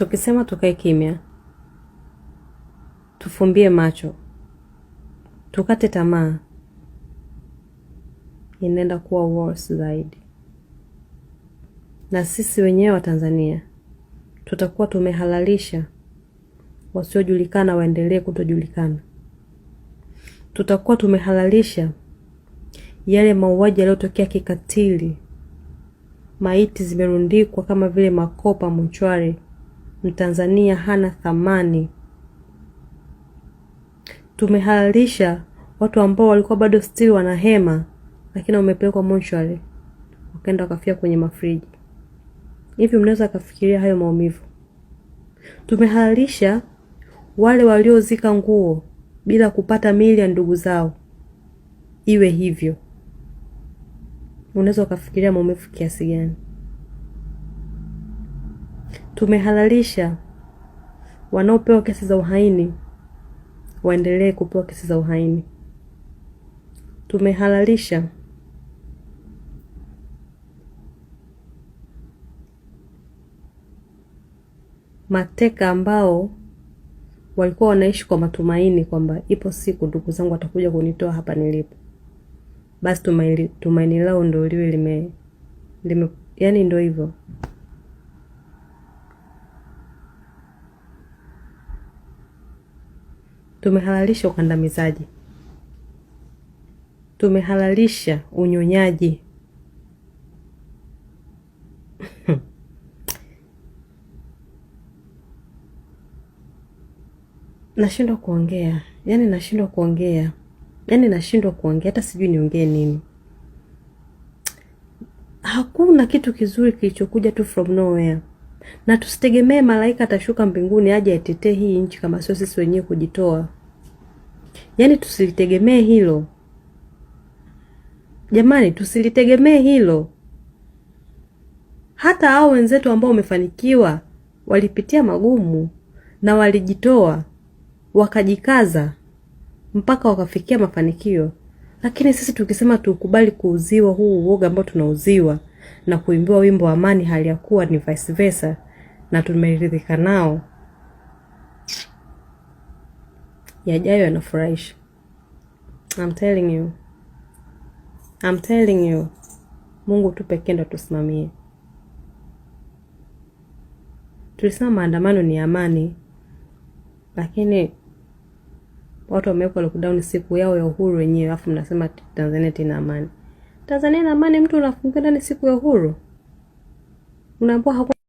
Tukisema tukae kimya, tufumbie macho, tukate tamaa, inaenda kuwa worse zaidi, na sisi wenyewe wa Tanzania tutakuwa tumehalalisha wasiojulikana waendelee kutojulikana. Tutakuwa tumehalalisha yale mauaji yaliyotokea kikatili, maiti zimerundikwa kama vile makopa mchwari. Mtanzania hana thamani. Tumehalalisha watu ambao walikuwa bado stili wanahema, lakini wamepelekwa mochwari, wakaenda wakafia kwenye mafriji. Hivi mnaweza kafikiria hayo maumivu? Tumehalalisha wale waliozika nguo bila kupata miili ya ndugu zao iwe hivyo. Unaweza ukafikiria maumivu kiasi gani? Tumehalalisha wanaopewa kesi za uhaini waendelee kupewa kesi za uhaini. Tumehalalisha mateka ambao walikuwa wanaishi kwa matumaini kwamba ipo siku ndugu zangu watakuja kunitoa hapa nilipo, basi tumaini lao ndo liwe lime, lime, yani ndo hivyo. Tumehalalisha ukandamizaji, tumehalalisha unyonyaji. Nashindwa kuongea, yaani nashindwa kuongea, yaani nashindwa kuongea, hata sijui niongee nini. Hakuna kitu kizuri kilichokuja tu from nowhere na tusitegemee malaika atashuka mbinguni aje aitetee hii nchi kama sio sisi wenyewe kujitoa. Yaani tusilitegemee hilo jamani, tusilitegemee hilo. Hata hao wenzetu ambao wamefanikiwa walipitia magumu na walijitoa wakajikaza mpaka wakafikia mafanikio, lakini sisi tukisema tukubali kuuziwa huu uoga ambao tunauziwa na kuimbiwa wimbo wa amani, hali ya kuwa ni vice versa na tumeridhika nao. Yajayo yanafurahisha. I'm telling you. I'm telling you. Mungu tu pekee ndo tusimamie. Tulisema maandamano ni amani, lakini watu wamewekwa lockdown siku yao ya uhuru wenyewe, alafu mnasema Tanzania tina amani. Tanzania na amani, mtu unafungua ndani siku ya uhuru hakuna